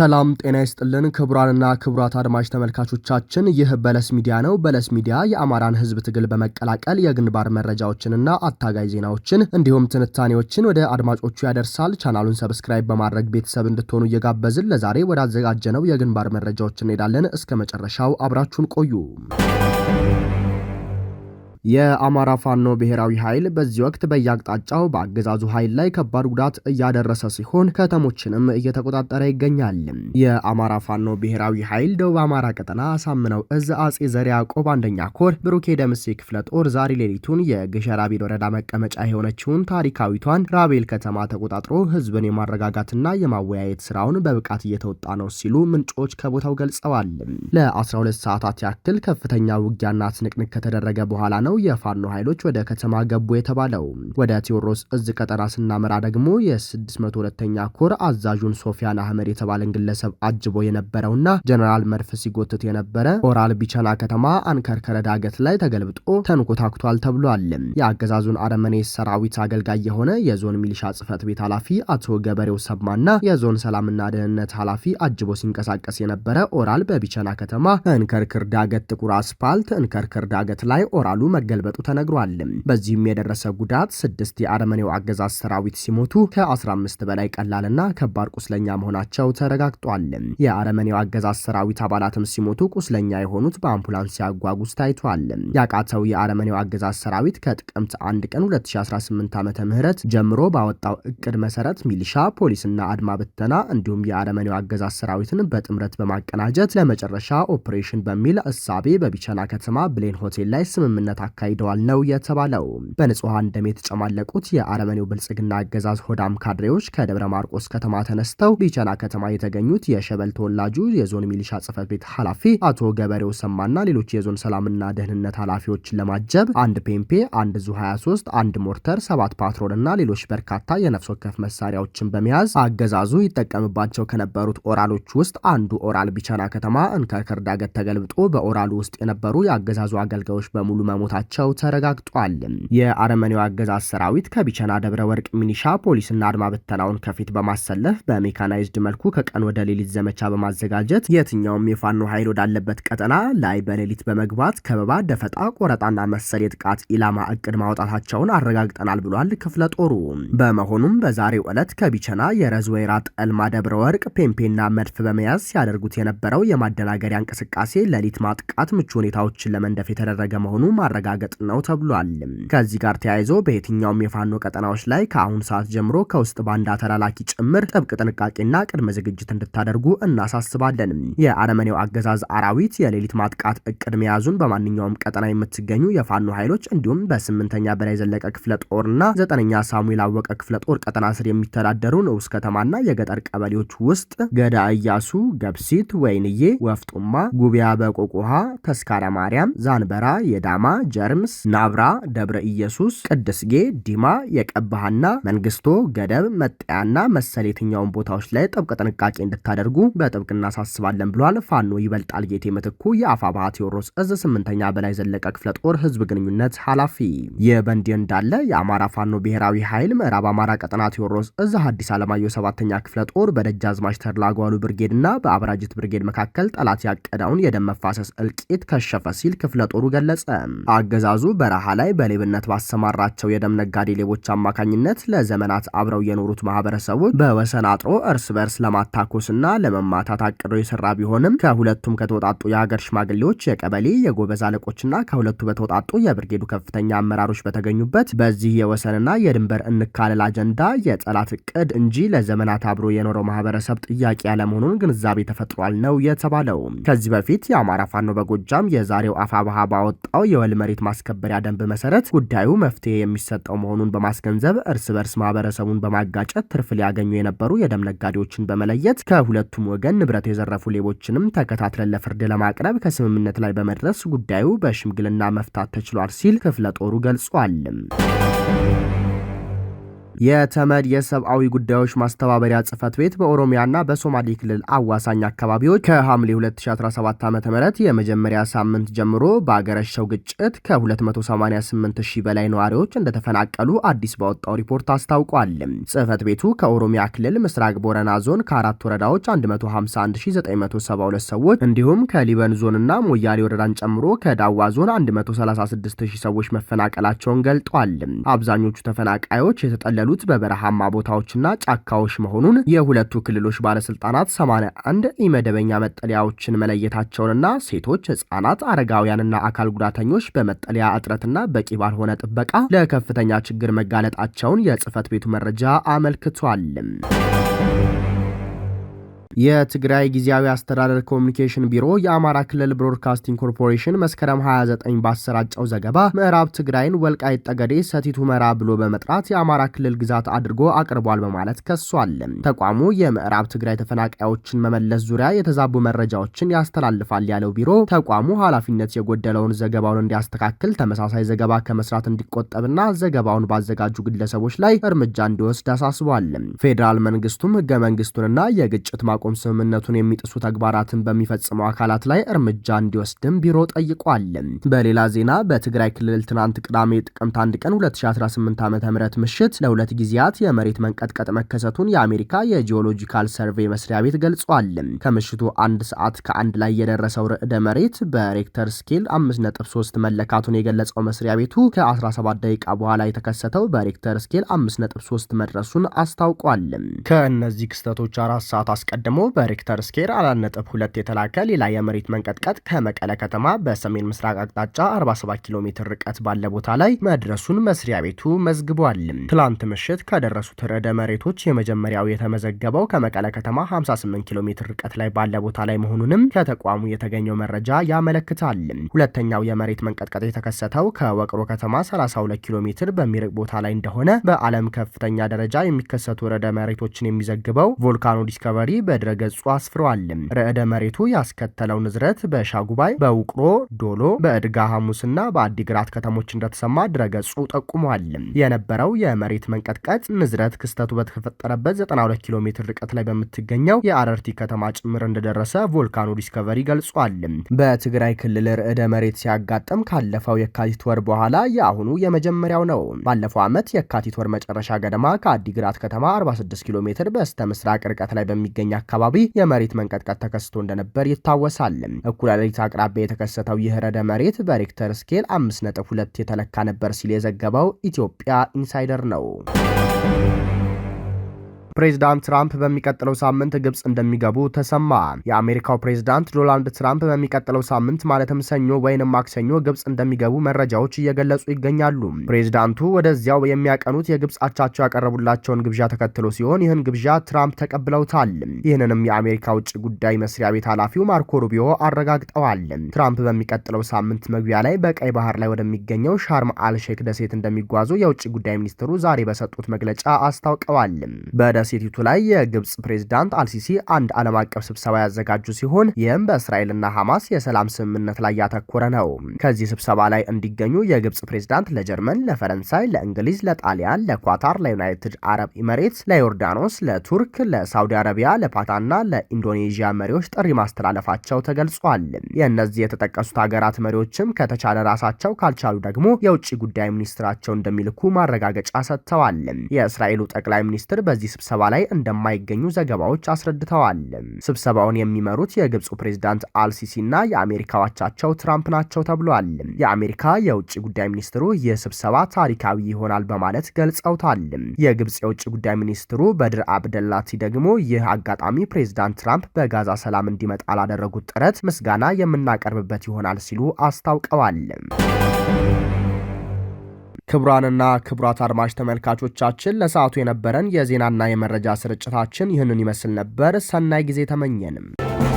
ሰላም ጤና ይስጥልን ክቡራንና ክቡራት አድማጭ ተመልካቾቻችን፣ ይህ በለስ ሚዲያ ነው። በለስ ሚዲያ የአማራን ሕዝብ ትግል በመቀላቀል የግንባር መረጃዎችንና አታጋይ ዜናዎችን እንዲሁም ትንታኔዎችን ወደ አድማጮቹ ያደርሳል። ቻናሉን ሰብስክራይብ በማድረግ ቤተሰብ እንድትሆኑ እየጋበዝን ለዛሬ ወዳዘጋጀነው የግንባር መረጃዎች እንሄዳለን። እስከ መጨረሻው አብራችሁን ቆዩ። የአማራ ፋኖ ብሔራዊ ኃይል በዚህ ወቅት በየአቅጣጫው በአገዛዙ ኃይል ላይ ከባድ ጉዳት እያደረሰ ሲሆን ከተሞችንም እየተቆጣጠረ ይገኛል። የአማራ ፋኖ ብሔራዊ ኃይል ደቡብ አማራ ቀጠና አሳምነው እዝ አጼ ዘር ያዕቆብ አንደኛ ኮር ብሩኬ ደምሴ ክፍለ ጦር ዛሬ ሌሊቱን የግሸ ራቤል ወረዳ መቀመጫ የሆነችውን ታሪካዊቷን ራቤል ከተማ ተቆጣጥሮ ህዝብን የማረጋጋትና የማወያየት ስራውን በብቃት እየተወጣ ነው ሲሉ ምንጮች ከቦታው ገልጸዋል። ለ12 ሰዓታት ያክል ከፍተኛ ውጊያና ትንቅንቅ ከተደረገ በኋላ ነው ነው የፋኖ ኃይሎች ወደ ከተማ ገቡ የተባለው። ወደ ቴዎድሮስ እዝ ቀጠና ስናመራ ደግሞ የ602ኛ ኮር አዛዡን ሶፊያን አህመድ የተባለን ግለሰብ አጅቦ የነበረውና ጀነራል መርፍ ሲጎትት የነበረ ኦራል ቢቸና ከተማ አንከርከረ ዳገት ላይ ተገልብጦ ተንኮታኩቷል ተብሏል። የአገዛዙን አረመኔ ሰራዊት አገልጋይ የሆነ የዞን ሚሊሻ ጽህፈት ቤት ኃላፊ አቶ ገበሬው ሰማና የዞን ሰላምና ደህንነት ኃላፊ አጅቦ ሲንቀሳቀስ የነበረ ኦራል በቢቸና ከተማ እንከርክር ዳገት ጥቁር አስፓልት እንከርክር ዳገት ላይ ኦራሉ መገልበጡ ተነግሯል። በዚህም የደረሰ ጉዳት ስድስት የአረመኔው አገዛዝ ሰራዊት ሲሞቱ ከ15 በላይ ቀላልና ከባድ ቁስለኛ መሆናቸው ተረጋግጧል። የአረመኔው አገዛዝ ሰራዊት አባላትም ሲሞቱ ቁስለኛ የሆኑት በአምቡላንስ ሲያጓጉዝ ታይቷል። ያቃተው የአረመኔው አገዛዝ ሰራዊት ከጥቅምት 1 ቀን 2018 ዓ ም ጀምሮ ባወጣው እቅድ መሰረት ሚሊሻ፣ ፖሊስና አድማ ብተና እንዲሁም የአረመኔው አገዛዝ ሰራዊትን በጥምረት በማቀናጀት ለመጨረሻ ኦፕሬሽን በሚል እሳቤ በቢቸና ከተማ ብሌን ሆቴል ላይ ስምምነት አካሂደዋል ነው የተባለው። በንጹሐን ደም የተጨማለቁት የአረመኔው ብልጽግና አገዛዝ ሆዳም ካድሬዎች ከደብረ ማርቆስ ከተማ ተነስተው ቢቸና ከተማ የተገኙት የሸበል ተወላጁ የዞን ሚሊሻ ጽህፈት ቤት ኃላፊ አቶ ገበሬው ሰማና ሌሎች የዞን ሰላምና ደህንነት ኃላፊዎችን ለማጀብ አንድ ፔምፔ፣ አንድ ዙ 23፣ አንድ ሞርተር፣ ሰባት ፓትሮል እና ሌሎች በርካታ የነፍስ ወከፍ መሳሪያዎችን በመያዝ አገዛዙ ይጠቀምባቸው ከነበሩት ኦራሎች ውስጥ አንዱ ኦራል ቢቸና ከተማ እንከርክር ዳገት ተገልብጦ በኦራሉ ውስጥ የነበሩ የአገዛዙ አገልጋዮች በሙሉ መሞታቸው መግባታቸው ተረጋግጧል። የአረመኔው አገዛዝ ሰራዊት ከቢቸና ደብረ ወርቅ ሚኒሻ ፖሊስና አድማ በተናውን ከፊት በማሰለፍ በሜካናይዝድ መልኩ ከቀን ወደ ሌሊት ዘመቻ በማዘጋጀት የትኛውም የፋኖ ኃይል ወዳለበት ቀጠና ላይ በሌሊት በመግባት ከበባ፣ ደፈጣ፣ ቆረጣና መሰል የጥቃት ኢላማ እቅድ ማውጣታቸውን አረጋግጠናል ብሏል ክፍለ ጦሩ። በመሆኑም በዛሬው ዕለት ከቢቸና የረዝ ወይራ፣ ጠልማ፣ ደብረ ወርቅ፣ ፔምፔና መድፍ በመያዝ ሲያደርጉት የነበረው የማደናገሪያ እንቅስቃሴ ሌሊት ማጥቃት ምቹ ሁኔታዎችን ለመንደፍ የተደረገ መሆኑ ማረጋ ማረጋገጥ ነው ተብሏል። ከዚህ ጋር ተያይዞ በየትኛውም የፋኖ ቀጠናዎች ላይ ከአሁን ሰዓት ጀምሮ ከውስጥ ባንዳ ተላላኪ ጭምር ጥብቅ ጥንቃቄና ቅድመ ዝግጅት እንድታደርጉ እናሳስባለን። የአረመኔው አገዛዝ አራዊት የሌሊት ማጥቃት እቅድ መያዙን በማንኛውም ቀጠና የምትገኙ የፋኖ ኃይሎች እንዲሁም በስምንተኛ በላይ ዘለቀ ክፍለ ጦርና ዘጠነኛ ሳሙኤል አወቀ ክፍለ ጦር ቀጠና ስር የሚተዳደሩ ንዑስ ከተማና የገጠር ቀበሌዎች ውስጥ ገዳ እያሱ፣ ገብሲት፣ ወይንዬ፣ ወፍጡማ፣ ጉቢያ፣ በቆቁሃ፣ ተስካረ ማርያም፣ ዛንበራ፣ የዳማ ጀርምስ፣ ናብራ፣ ደብረ ኢየሱስ፣ ቅድስጌ፣ ዲማ፣ የቀባሃና መንግስቶ፣ ገደብ፣ መጠያና መሰል የትኛውን ቦታዎች ላይ ጥብቅ ጥንቃቄ እንድታደርጉ በጥብቅ እናሳስባለን ብሏል። ፋኖ ይበልጣል ጌቴ ምትኩ የአፋ ባህ ቴዎድሮስ እዝ ስምንተኛ በላይ ዘለቀ ክፍለ ጦር ህዝብ ግንኙነት ኃላፊ። ይህ በእንዲህ እንዳለ የአማራ ፋኖ ብሔራዊ ኃይል ምዕራብ አማራ ቀጠና ቴዎድሮስ እዝ ሐዲስ ዓለማየሁ ሰባተኛ ክፍለ ጦር በደጃዝማች ተድላጓሉ ብርጌድና በአብራጅት ብርጌድ መካከል ጠላት ያቀዳውን የደም መፋሰስ እልቂት ከሸፈ ሲል ክፍለ ጦሩ ገለጸ። አገዛዙ በረሃ ላይ በሌብነት ባሰማራቸው የደም ነጋዴ ሌቦች አማካኝነት ለዘመናት አብረው የኖሩት ማህበረሰቦች በወሰን አጥሮ እርስ በርስ ለማታኮስና ለመማታት አቅዶ የሰራ ቢሆንም ከሁለቱም ከተወጣጡ የሀገር ሽማግሌዎች፣ የቀበሌ የጎበዝ አለቆችና ከሁለቱ በተወጣጡ የብርጌዱ ከፍተኛ አመራሮች በተገኙበት በዚህ የወሰንና የድንበር እንካለል አጀንዳ የጠላት እቅድ እንጂ ለዘመናት አብሮ የኖረው ማህበረሰብ ጥያቄ ያለመሆኑን ግንዛቤ ተፈጥሯል ነው የተባለው። ከዚህ በፊት የአማራ ፋኖ በጎጃም የዛሬው አፋባሃ ባወጣው የወልመ የመሬት ማስከበሪያ ደንብ መሰረት ጉዳዩ መፍትሄ የሚሰጠው መሆኑን በማስገንዘብ እርስ በርስ ማህበረሰቡን በማጋጨት ትርፍ ሊያገኙ የነበሩ የደም ነጋዴዎችን በመለየት ከሁለቱም ወገን ንብረት የዘረፉ ሌቦችንም ተከታትለን ለፍርድ ለማቅረብ ከስምምነት ላይ በመድረስ ጉዳዩ በሽምግልና መፍታት ተችሏል ሲል ክፍለ ጦሩ ገልጿል። የተመድ የሰብአዊ ጉዳዮች ማስተባበሪያ ጽህፈት ቤት በኦሮሚያና በሶማሌ ክልል አዋሳኝ አካባቢዎች ከሐምሌ 2017 ዓ ም የመጀመሪያ ሳምንት ጀምሮ በአገረሸው ግጭት ከ288 ሺህ በላይ ነዋሪዎች እንደተፈናቀሉ አዲስ ባወጣው ሪፖርት አስታውቋል። ጽህፈት ቤቱ ከኦሮሚያ ክልል ምስራቅ ቦረና ዞን ከአራት ወረዳዎች 151972 ሰዎች እንዲሁም ከሊበን ዞንና ሞያሌ ወረዳን ጨምሮ ከዳዋ ዞን 136000 ሰዎች መፈናቀላቸውን ገልጧል። አብዛኞቹ ተፈናቃዮች የተጠለሉ የተጠለሉት በበረሃማ ቦታዎችና ጫካዎች መሆኑን የሁለቱ ክልሎች ባለስልጣናት 81 የመደበኛ መጠለያዎችን መለየታቸውንና ሴቶች፣ ህጻናት፣ አረጋውያንና አካል ጉዳተኞች በመጠለያ እጥረትና በቂ ባልሆነ ጥበቃ ለከፍተኛ ችግር መጋለጣቸውን የጽህፈት ቤቱ መረጃ አመልክቷል። የትግራይ ጊዜያዊ አስተዳደር ኮሚኒኬሽን ቢሮ የአማራ ክልል ብሮድካስቲንግ ኮርፖሬሽን መስከረም 29 ባሰራጨው ዘገባ ምዕራብ ትግራይን ወልቃይት ጠገዴ፣ ሰቲት ሁመራ ብሎ በመጥራት የአማራ ክልል ግዛት አድርጎ አቅርቧል በማለት ከሷል። ተቋሙ የምዕራብ ትግራይ ተፈናቃዮችን መመለስ ዙሪያ የተዛቡ መረጃዎችን ያስተላልፋል ያለው ቢሮ ተቋሙ ኃላፊነት የጎደለውን ዘገባውን እንዲያስተካክል፣ ተመሳሳይ ዘገባ ከመስራት እንዲቆጠብና ዘገባውን ባዘጋጁ ግለሰቦች ላይ እርምጃ እንዲወስድ አሳስቧል። ፌዴራል መንግስቱም ህገ መንግስቱንና የግጭት ማ የማቆም ስምምነቱን የሚጥሱ ተግባራትን በሚፈጽሙ አካላት ላይ እርምጃ እንዲወስድም ቢሮ ጠይቋል። በሌላ ዜና በትግራይ ክልል ትናንት ቅዳሜ ጥቅምት 1 ቀን 2018 ዓ.ም ምሽት ለሁለት ጊዜያት የመሬት መንቀጥቀጥ መከሰቱን የአሜሪካ የጂኦሎጂካል ሰርቬይ መስሪያ ቤት ገልጿል። ከምሽቱ አንድ ሰዓት ከአንድ ላይ የደረሰው ርዕደ መሬት በሬክተር ስኬል 5.3 መለካቱን የገለጸው መስሪያ ቤቱ ከ17 ደቂቃ በኋላ የተከሰተው በሬክተር ስኬል 5.3 መድረሱን አስታውቋል። ከእነዚህ ክስተቶች አራት ሰዓት አስቀድሞ ደግሞ በሪክተር ስኬር አራት ነጥብ ሁለት የተላከ ሌላ የመሬት መንቀጥቀጥ ከመቀለ ከተማ በሰሜን ምስራቅ አቅጣጫ 47 ኪሎ ሜትር ርቀት ባለ ቦታ ላይ መድረሱን መስሪያ ቤቱ መዝግቧል። ትላንት ምሽት ከደረሱት ርዕደ መሬቶች የመጀመሪያው የተመዘገበው ከመቀለ ከተማ 58 ኪሎ ሜትር ርቀት ላይ ባለ ቦታ ላይ መሆኑንም ከተቋሙ የተገኘው መረጃ ያመለክታል። ሁለተኛው የመሬት መንቀጥቀጥ የተከሰተው ከወቅሮ ከተማ 32 ኪሎ ሜትር በሚርቅ ቦታ ላይ እንደሆነ በዓለም ከፍተኛ ደረጃ የሚከሰቱ ርዕደ መሬቶችን የሚዘግበው ቮልካኖ ዲስከቨሪ በ በድረገጹ አስፍረዋል። ርዕደ መሬቱ ያስከተለው ንዝረት በሻጉባይ፣ በውቅሮ ዶሎ፣ በእድጋ ሐሙስና በአዲግራት ከተሞች እንደተሰማ ድረገጹ ጠቁመዋል። የነበረው የመሬት መንቀጥቀጥ ንዝረት ክስተቱ በተፈጠረበት 92 ኪሎ ሜትር ርቀት ላይ በምትገኘው የአረርቲ ከተማ ጭምር እንደደረሰ ቮልካኖ ዲስከቨሪ ገልጿል። በትግራይ ክልል ርዕደ መሬት ሲያጋጥም ካለፈው የካቲት ወር በኋላ የአሁኑ የመጀመሪያው ነው። ባለፈው ዓመት የካቲት ወር መጨረሻ ገደማ ከአዲግራት ከተማ 46 ኪሎ ሜትር በስተ ምስራቅ ርቀት ላይ በሚገኝ አካባቢ የመሬት መንቀጥቀጥ ተከስቶ እንደነበር ይታወሳል። እኩለ ሌሊት አቅራቢያ የተከሰተው ይህ መሬት በሬክተር ስኬል 5.2 የተለካ ነበር ሲል የዘገበው ኢትዮጵያ ኢንሳይደር ነው። ፕሬዚዳንት ትራምፕ በሚቀጥለው ሳምንት ግብፅ እንደሚገቡ ተሰማ። የአሜሪካው ፕሬዚዳንት ዶናልድ ትራምፕ በሚቀጥለው ሳምንት ማለትም ሰኞ ወይንም ማክሰኞ ግብፅ እንደሚገቡ መረጃዎች እየገለጹ ይገኛሉ። ፕሬዚዳንቱ ወደዚያው የሚያቀኑት የግብፅ አቻቸው ያቀረቡላቸውን ግብዣ ተከትሎ ሲሆን ይህን ግብዣ ትራምፕ ተቀብለውታል። ይህንንም የአሜሪካ ውጭ ጉዳይ መስሪያ ቤት ኃላፊው ማርኮ ሩቢዮ አረጋግጠዋል። ትራምፕ በሚቀጥለው ሳምንት መግቢያ ላይ በቀይ ባህር ላይ ወደሚገኘው ሻርም አልሼክ ደሴት እንደሚጓዙ የውጭ ጉዳይ ሚኒስትሩ ዛሬ በሰጡት መግለጫ አስታውቀዋል። በደሴ በሴቲቱ ላይ የግብፅ ፕሬዚዳንት አልሲሲ አንድ ዓለም አቀፍ ስብሰባ ያዘጋጁ ሲሆን ይህም በእስራኤልና ሐማስ የሰላም ስምምነት ላይ ያተኮረ ነው። ከዚህ ስብሰባ ላይ እንዲገኙ የግብፅ ፕሬዚዳንት ለጀርመን፣ ለፈረንሳይ፣ ለእንግሊዝ፣ ለጣሊያን፣ ለኳታር፣ ለዩናይትድ አረብ ኢመሬትስ፣ ለዮርዳኖስ፣ ለቱርክ፣ ለሳውዲ አረቢያ፣ ለፓታና ለኢንዶኔዥያ መሪዎች ጥሪ ማስተላለፋቸው ተገልጿል። የእነዚህ የተጠቀሱት ሀገራት መሪዎችም ከተቻለ ራሳቸው ካልቻሉ ደግሞ የውጭ ጉዳይ ሚኒስትራቸው እንደሚልኩ ማረጋገጫ ሰጥተዋል። የእስራኤሉ ጠቅላይ ሚኒስትር በዚህ ስብሰ ስብሰባ ላይ እንደማይገኙ ዘገባዎች አስረድተዋል። ስብሰባውን የሚመሩት የግብፁ ፕሬዝዳንት አልሲሲ እና የአሜሪካው ትራምፕ ናቸው ተብሏል። የአሜሪካ የውጭ ጉዳይ ሚኒስትሩ ይህ ስብሰባ ታሪካዊ ይሆናል በማለት ገልጸውታል። የግብፅ የውጭ ጉዳይ ሚኒስትሩ በድር አብደላቲ ደግሞ ይህ አጋጣሚ ፕሬዝዳንት ትራምፕ በጋዛ ሰላም እንዲመጣ ላደረጉት ጥረት ምስጋና የምናቀርብበት ይሆናል ሲሉ አስታውቀዋል። ክቡራንና ክቡራት አድማጭ ተመልካቾቻችን ለሰዓቱ የነበረን የዜናና የመረጃ ስርጭታችን ይህንን ይመስል ነበር። ሰናይ ጊዜ ተመኘንም።